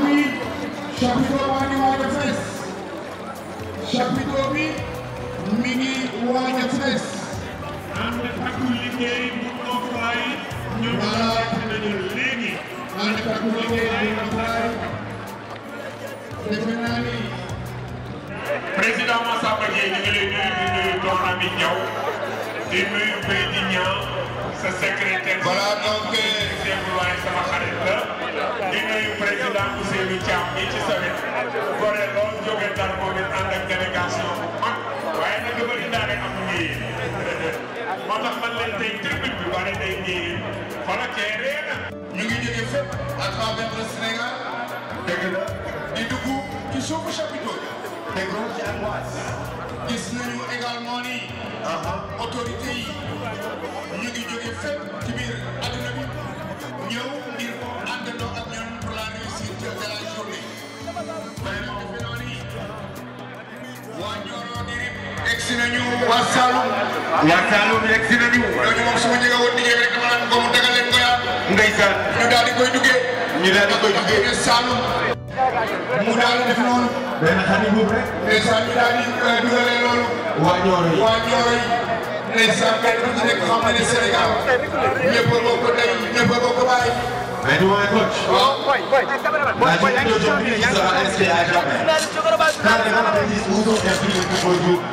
Chapitre, chapitre wani wani fes. Chapitre obi, mini wani fes. Ande takou ligey moun nou fay, nyon wala tene a legi. Ande takou a moun nou fay. Defenani. Président Massa Bagé, ñu ngi lay nuyu di nuyu Dona Ami Diaw, di nuyu Baye Dignan, sa secrétaire. Voilà donc. Imam Ousseynou Thiam mii ci sa gore lool jóge Ndar moo leen ànd ak délégation bu mag waaye nag lu bëri ndaare am nii moo tax man leen tey tribune bi bare tey nii xoolal kee ree di dugg ci suufu chapiteau bi déggoo ci angoisse gis nañu également ni si nañu waa Saloum waa Saloum yegg si nañu ñooñu moom su ma jege woon liggéey rek dama naan ko mu dagal leen ko yaa ndeysaan ñu daal di koy duggee ñu daal di koy duggee Saloum mu daal di def noonu benn xani boobu rek ndeysaan ñu daal di euh, dugalee loolu waa Nioro yi waa Nioro yi ndeysaan kenn ku ci nekk xam na ne Sénégal ñëpp a bokk ndey ñëpp a bokk baay mais du ma coach. waaw. Oh.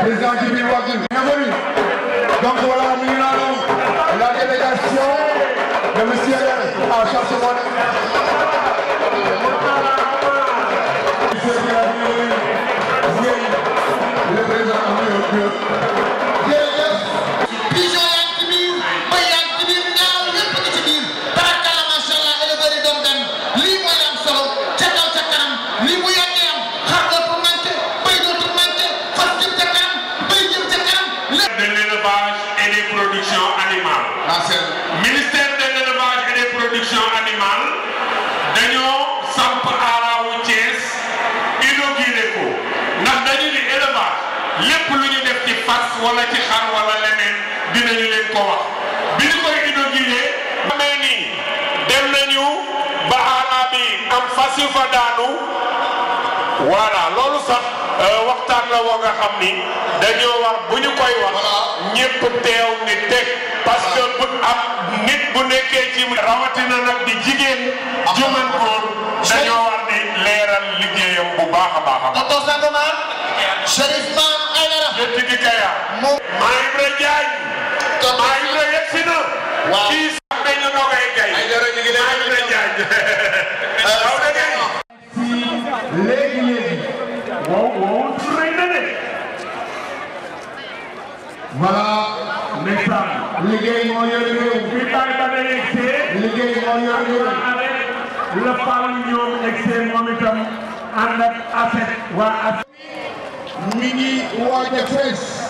président Djibril Wagine, bienvenue. Donc voilà, nous allons la délégation de M. à chercher mon Monsieur le président du ko wax bi ñu koy inauguré xamee ni dem nañu ba xaala bi am fasi fa daanu voilà loolu sax euh, waxtaan la woo nga xam ni dañoo wax koy wax ñëpp teew ni teg parce que bu am nit bu nekkee ci rawatina nag di jigéen ju mën góor dañoo war di leeral liggéeyam bu baax a baax a baax. docteur Sangomar Chérif Mame Aïdara. Yétigi Kaya. Maïbra Diagne. waaw kii sax dañu noo koy gay. ay dara ñu ngi leen di leen jaaj. waaw da ngay. léegi léegi. wow wow rëy na de. voilà. ndeysaan. liggéey moo yor réew. bi taay ba day egsee. liggéey moo yor réew. la faal ñoom egsee moom itam ànd ak afet waa afet. mi ngi woote fees.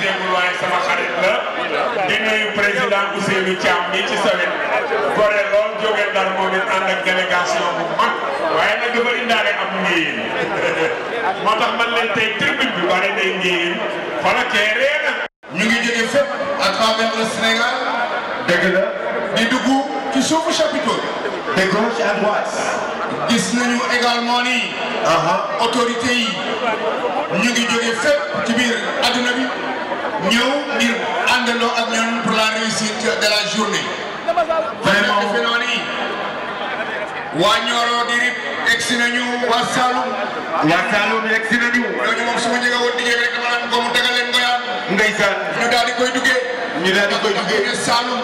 déggul waaye sama xarit la di nuyu président Ousseynou Thiam mii ci sawet gore lool jóge Ndar moom it ànd ak délégation bu mag waaye nag dafa indaale am ngéyéen moo tax man leen tey tribune bi bare day ngéyéen xoola keeree ñu ngi jóge fépp à travers le Sénégal dëgg la di dugg ci suufu chapiteau de gauche à droite gis nañu également ni autorité yi ñu ngi jóge fépp ci biir adduna bi ñëw ngir àndandoo ak ñoom pour la réussite de la journée. waa Nioro di rip egg si nañu waa Saloum. waa Saloum egg si nañu. ñooñu moom su ma njëkk a woon liggéey rek dama naan ko mu tegal leen ngoyaan. ndeysaan ñu daal koy duggee. ñu daal di koy duggee parce que Saloum.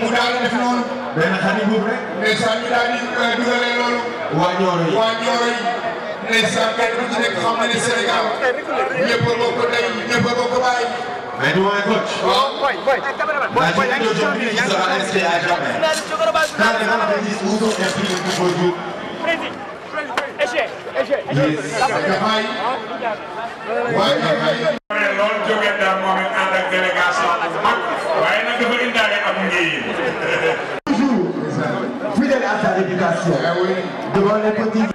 mu daal di def noonu. benn xarit boobu rek. ndeysaan ñu daal di euh, dugalee loolu. waa Nioro ndeysaan kenn ku ci nekk xam na ne Sénégal ñëpp a bokk tey ñëpp a bokk bàyyi. mais du mooy coach. waaw boy boy. la génération du ministre sera restée à jamais. quand les grands ministres vous ont inspiré tous vos jours. waaye loolu jóge daal moom it ànd ak délégation bu mag waaye nag dafa indaale am ngéyin. toujours fidèle à sa éducation. devant les petits.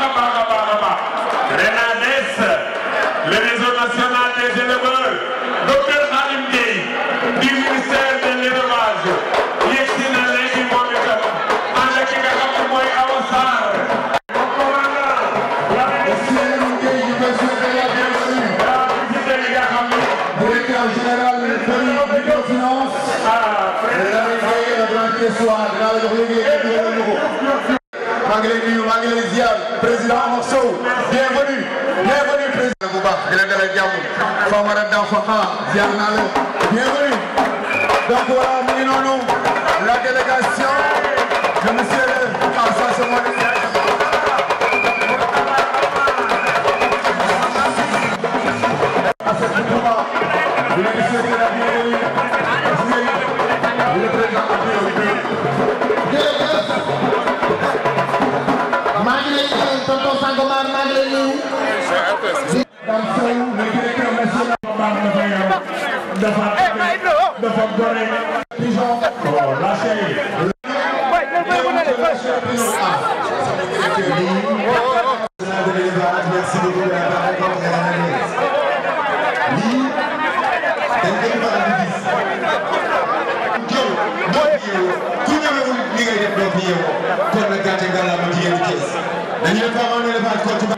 delivered. jaww foo mën a daw fa ah jaar naa la bienvenue donc voilà mu ngi noonu la donné prison pour lâcher. Merci beaucoup de la parole. Oui, t'inquiète pas, Lydis. Dieu, bon Dieu, tout le monde n'y a pas de Dieu. Comme le gars de la moitié de caisse. Daniel Parent, le pas de quoi tu vas.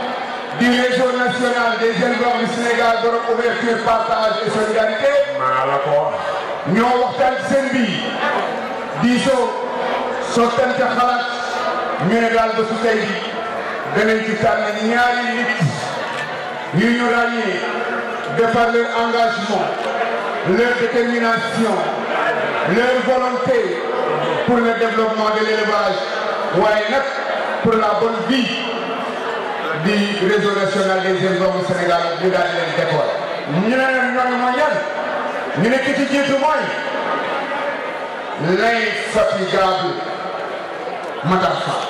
du nationale des éleveurs du Sénégal de recouverture, partage et solidarité. nous avons ko wax. ñoo disons ci seen bi de de par leur engagement leur détermination leur volonté pour le développement de l'élevage pour la bonne vie. di réseau national des jeunes doomu Sénégal ñu daal di leen décorer. ñu ne leen ñoom mooy yan ñu ne ki ci jiitu mooy l'infatigable Matar Fall.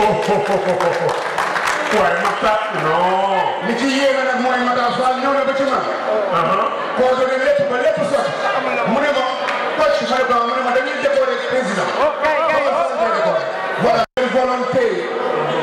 Oh oh, oh oh oh oh waaye Matar. non. li ci yéeme nag mooy Matar Fall ñëw na ba ci man. Uh-huh. coordonné lépp ba lépp sotti. mu ne ma coach Marie Ba mu ne ma dañuy décorer président. Oh, voilà une volonté.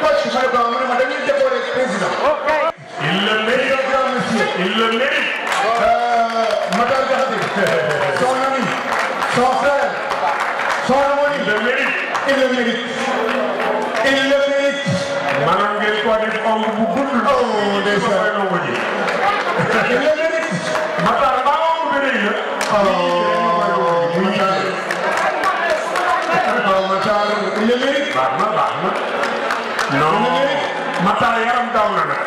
coach Malick Ba ma ne ma dañuy décorer président. il le mérite grand monsieur il le mérite. Euh, Matar Diakhaté son ami son frère son harmonie. il le mérite il le mérite. il le mérite. maanaam ngeen ko def omb bu gudd. oh ndeysaan Makhtar yaram daaw na nag.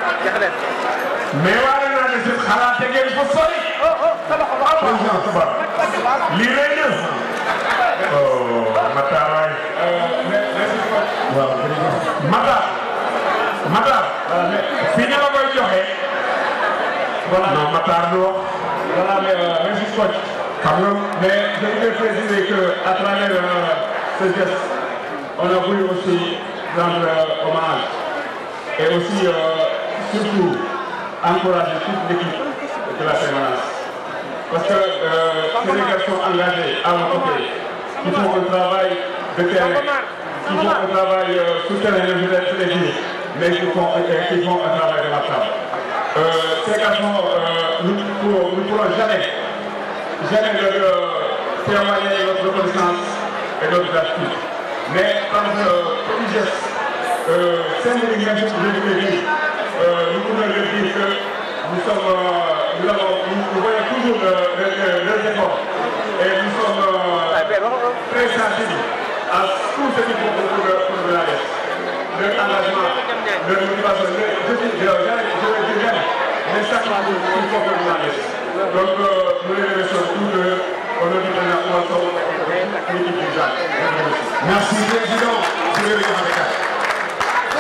mais waaye naa ne si xalaate ngeen fa sori. Oh, oh, président Touba lii lay def. oh Makhtar waay. waaw Makhtar. Makhtar. si ñu la koy joxe. voilà non Makhtar du wax. voilà mais euh, merci Kocc. xam nga mais je voulais préciser que à travers euh, ce geste on a voulu aussi rendre euh, hommage. et aussi euh, surtout encourager toute l'équipe de la permanence. Parce que euh, c'est des garçons engagés à mon qui font un travail de terrain, qui font un travail euh, sur les vais les mais qui euh, font, un travail de marchand. Euh, ces garçons, nous ne pourrons jamais, jamais leur témoigner notre reconnaissance et notre gratitude. Mais comme une petite geste, sensibilisation de nous pouvons nous sommes, nous nous, voyons toujours leurs efforts et nous sommes très sensibles à tout ce qui font pour, pour, la engagement, je je le dire, mais pour Donc, nous les remercions tous Merci, Président.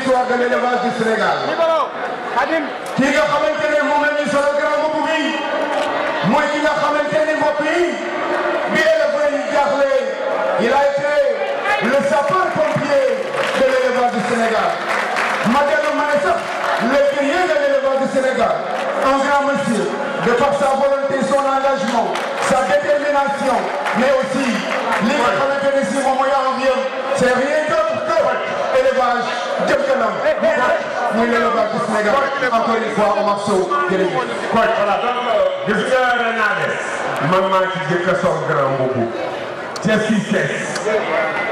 l'histoire de l'élevage du Sénégal. Qui Qui xamante ne moom la le solo grand bopp bi moi nga ne il a été le sapeur pompier de l'élevage du Sénégal. Madame Marissa, le guerrier de l'élevage du Sénégal un grand monsieur de par sa volonté son engagement sa détermination mais aussi li de l'élevage du Sénégal, c'est rien d'autre kanam eh, eh, eh. muy l'élevage du Sénégal encore une fois Omar Sow jërëjëf. koñ voilà donc gis nga Renades man maa ci jëkk a sol grand mbubu Thiès yi Thiès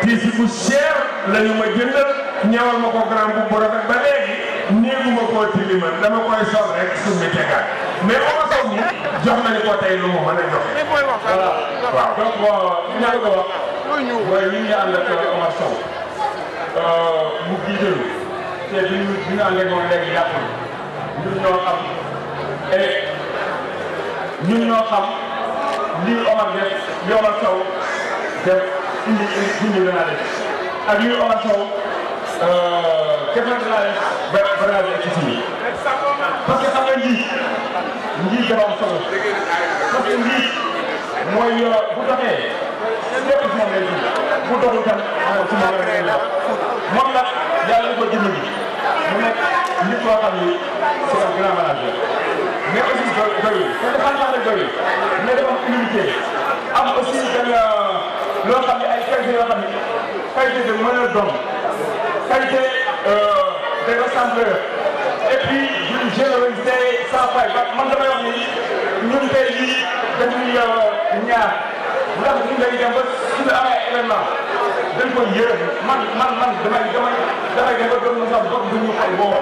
kii si bu cher la ñu ma jëndal ñëwal ma ko grand mbubu rafet ba léegi néegu ma koo tilimal dama koy sol rek summi tegaat mais Omar Sow mi jox nañu ko tey lu mu mën a joxe. voilà waaw donc ñaar ko wax. mooy ñu ngi ànd ak Omar Sow. mu jiitalu te duñ duñ ànd ak moom léegi jàpp ñun ñoo xam et ñun ñoo xam li Omar def li Omar Sow def indi indi la naa def ak li Omar Sow euh, defante naa def ba ba naa def ci suñu parce que xam nga njiit njiit dafa am solo parce que njiit mooy bu doxee lépp moom lay bu doxul tam moom ci moom lay moom nag yàlla ñu ko dimbali mu nekk nit koo xam ni c'est un grand manager mais aussi doy doyul te dafa tax a doyul mais dafa am humilité am aussi benn loo xam ne ay qualité yoo xam ne qualité de meneur d'homme qualité euh, de rassembleur et puis d'une générosité sans faille parce que man damay wax ni ñun tey jii dañuy euh, ñaar ndax ñu ngi lay dem ba suñu amee événement. dañ koy yërëm man man man damay damay damay dem ba gëm na sax bopp bu ñu xay boo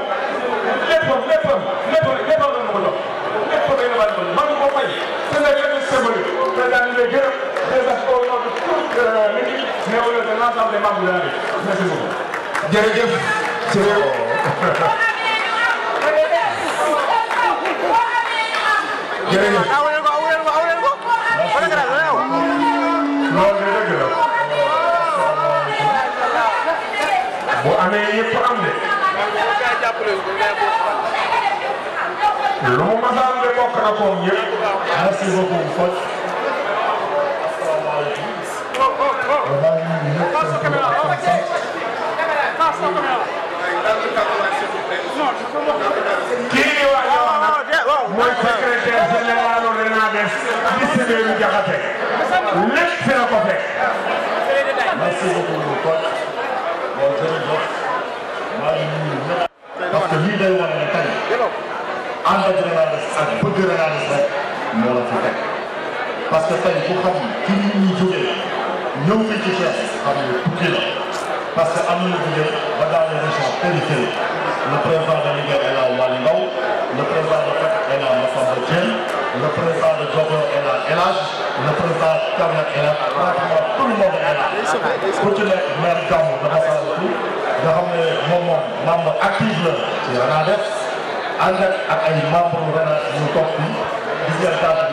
léppam léppam léppam léppam la ma ko jox léppam day damaa jox man ko fay c'est la grande symbolique président ñu lay gërëm des acteurs au nom de toute euh, l'équipe mais au nom de l'ensemble des membres de la merci beaucoup jërëjëf jërëjëf lu mu mën a am de bokk na koom yëpp merci não Fodj. kii di wax yow nag mooy secrétaire général RENADES Miss Béyou Diakhaté lépp fi la ko fekk. merci beaucoup Fodj. bëgg Renadès ak bëgg Renadès rek moo la fi teg parce que tey ku xam ci nit ñi jógee ñëw fi ci Thiès xam nga tukki la parce que am na jógee ba dans les régions périphériques le président de Linguère est là Waly Ndao le président de Fatick est là Massamba Diène le président de Diofior est là El Hadj le président de Kaolack est là pratiquement tout le monde est là ku ci nekk maire Gamou dafa nga xam ne moom moom membre actif la ci Renadès ànd ak ay membres RENAC ñu toog fii gis ngeen